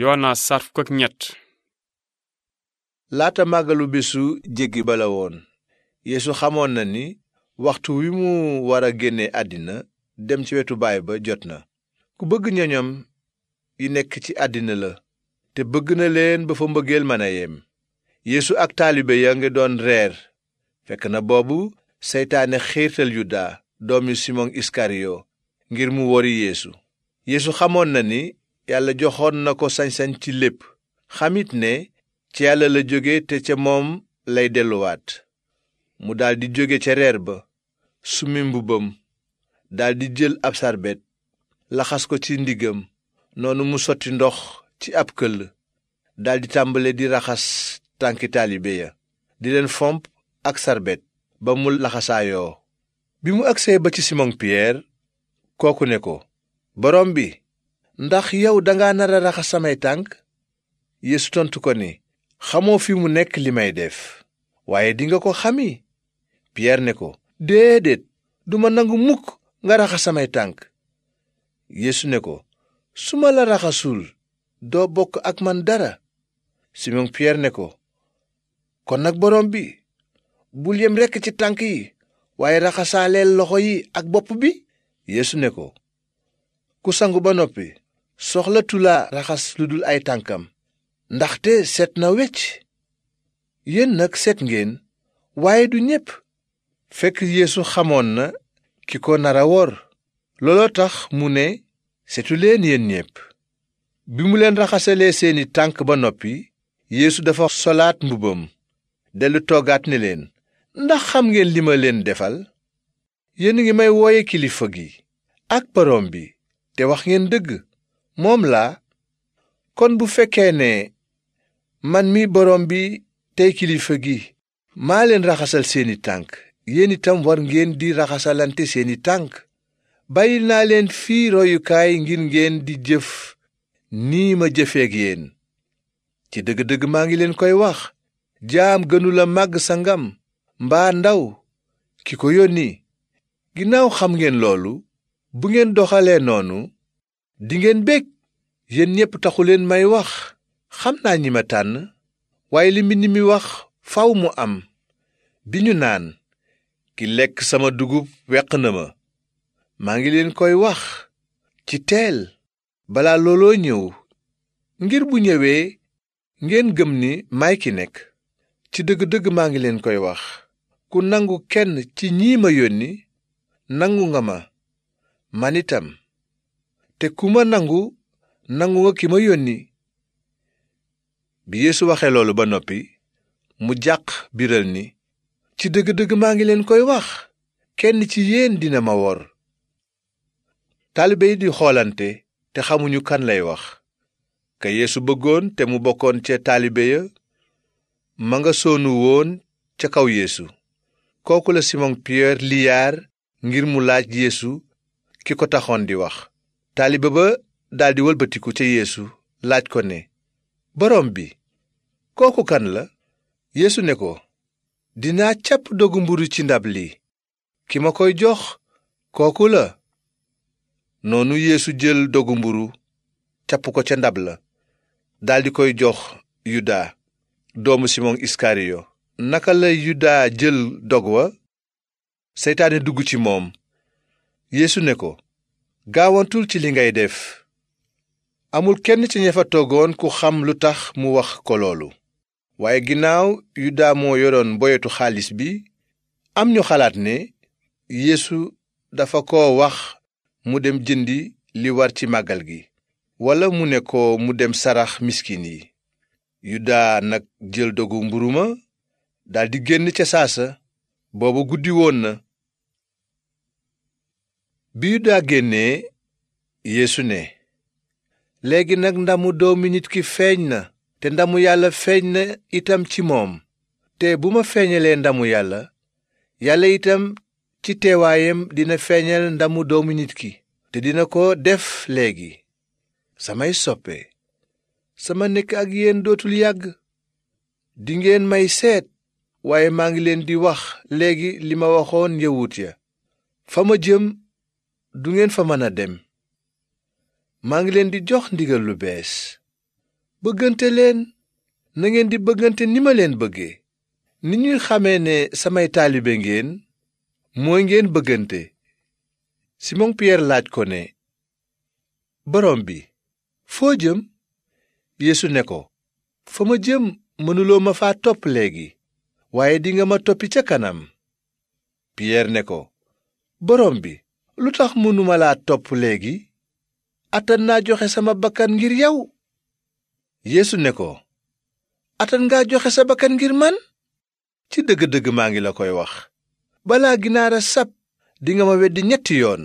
yoona saar fukk ñett laata màggalu bésu jéggi bala woon yéesu xamoon na ni waxtu wi mu war a génne àddina dem ci wetu baay ba jot na ku bëgg ñoñam yi nekk ci àddina la te bëgg na leen ba fa mbëggeel mën a yem yéesu ak taalibe ya nga doon reer fekk na boobu seytaane xiirtal yuda doomi simon iskariyo ngir mu wori yeesu yeesu xamoon na ni yàlla joxoon na ko sañ-sañ ci lépp xamit ne ci yàlla la jóge te ca moom lay delluwaat mu daldi jóge ca reer ba summi mbubbam daldi jël ab sarbet laxas ko ci ndigam noonu mu sotti ndox ci ab këll daldi tàmbale di raxas tànki taalibe ya di leen fomp ak sarbet ba mu laxasaayoo bi mu agsee ba ci simon piyeer kooku ne ko borom bi ndax yow danga nar a raxas samay tànk Yeesu tontu ko ni xamoo fi mu nekk li may def waaye dinga ko xami Piyeer ne ko déedéet duma nangu mukk nga raxas samay tànk Yeesu ne ko su ma la raxasul doo bokk ak man dara Simon Piyeer ne ko kon nag borom bi bul yem rekk ci tànk yi waaye raxasaaleel loxo yi ak bopp bi Yeesu ne ko ku sangu ba noppi soxlatu raxas lu dul ay tànkam ndaxte seet na wecc yéen nag seet ngeen waaye du ñépp fekk yéesu xamoon na ki ko nara looloo tax mu ne setu leen yéen ñépp bi mu leen raxasalee seeni tànk ba noppi yéesu dafa solaat mbubbam dellu toogaat ne leen ndax xam ngeen li ma leen defal yéen ngi may wooye kilifa gi ak boroom bi te wax ngeen dëgg moom laa kon bu fekkee ne man mi borom bi tey kilifa gi maa leen raxasal seeni tànk yéen itam war ngeen di raxasalante seeni tànk bàyyil naa leen fii royukaay ngir ngeen di jëf nii ma jëfeeg yéen ci dëgg-dëgg maa ngi leen koy wax jaam gënula màgg sa ngam mbaa ndaw ki ko yónni ginnaaw xam ngeen loolu bu ngeen doxalee noonu dingeen bég yéen ñépp taxuleen may wax xam naa ñi ma tànn waaye li ni mi wax faw mu am bi ñu naan ki lekk sama dugub weq na ma maa ngi leen koy wax ci teel balaa looloo ñëw ngir bu ñëwee ngeen gëm ni may ki nekk ci dëgg-dëgg maa ngi leen koy wax ku nangu kenn ci ñii ma yónni nangu nga ma man itam te ku ma nangu nangu nga ki ma yónni bi Yeesu waxee loolu ba noppi mu jàq biral ni ci dëgg-dëgg maa ngi leen koy wax kenn ci yéen dina ma wor taalibe yi di xoolante te xamuñu kan lay wax ka yeesu bëggoon te mu bokkoon ca taalibe ya ma nga soonu woon ca kaw yéesu kooku la simon piyeer liyaar ngir mu laaj yéesu ki ko taxoon di wax taalibe ba daldi wëlbatiku ca yéesu laaj ko ne borom bi kooku kan la yéesu ne ko dinaa capp dogu mburu ci ndab li ki ma koy jox kooku la noonu yéesu jël dogu mburu capp ko ca ndab la daldi koy jox yuda doomu simon iskariyo naka la yuda jël dog wa seytaane dugg ci moom yéesu ne ko gaawantul ci li ngay def amul kenn ci ña fa toogoon ku xam lu tax mu wax ko loolu waaye ginnaaw yudaa moo yoroon boyetu xaalis bi am ñu xalaat ne yéesu dafa ko wax mu dem jëndi li war ci màggal gi walla mu ne ko mu dem sarax miskin yi yudaa nag jël dogu mburu ma daldi génn ca saasa boobu guddi woon na bi yuda génnee yeesu ne léegi nag ndamu doomi nit ki feeñ na te ndamu yàlla feeñ na itam ci moom te bu ma feeñalee ndamu yàlla yàlla itam ci teewaayam dina feeñal ndamu doomu nit ki te dina ko def léegi samay soppe sama nekk ak yéen dootul yàgg dingeen may seet waaye maa ngi leen di wax léegi li ma waxoon yawut ya fa ma jëm du ngeen fa mën a dem maa ngi leen di jox ndigal lu bees bëggante leen na ngeen di bëggante ni ma leen bëgge ni ñuy xamee ne samay taalibe ngeen mooy ngeen bëggante Simon Pierre laaj ko ne borom bi foo jëm yéesu ne ko fa ma jëm mënuloo ma faa topp léegi waaye dinga ma toppi ca kanam Pierre ne ko borom bi lu tax mënuma laa topp léegi attan naa joxe sama bakkan ngir yow yéesu ne ko attan ngaa joxe sa bakkan ngir man ci dëgg-dëgg maa ngi la koy wax balaa ginaara sab dinga ma weddi ñetti yoon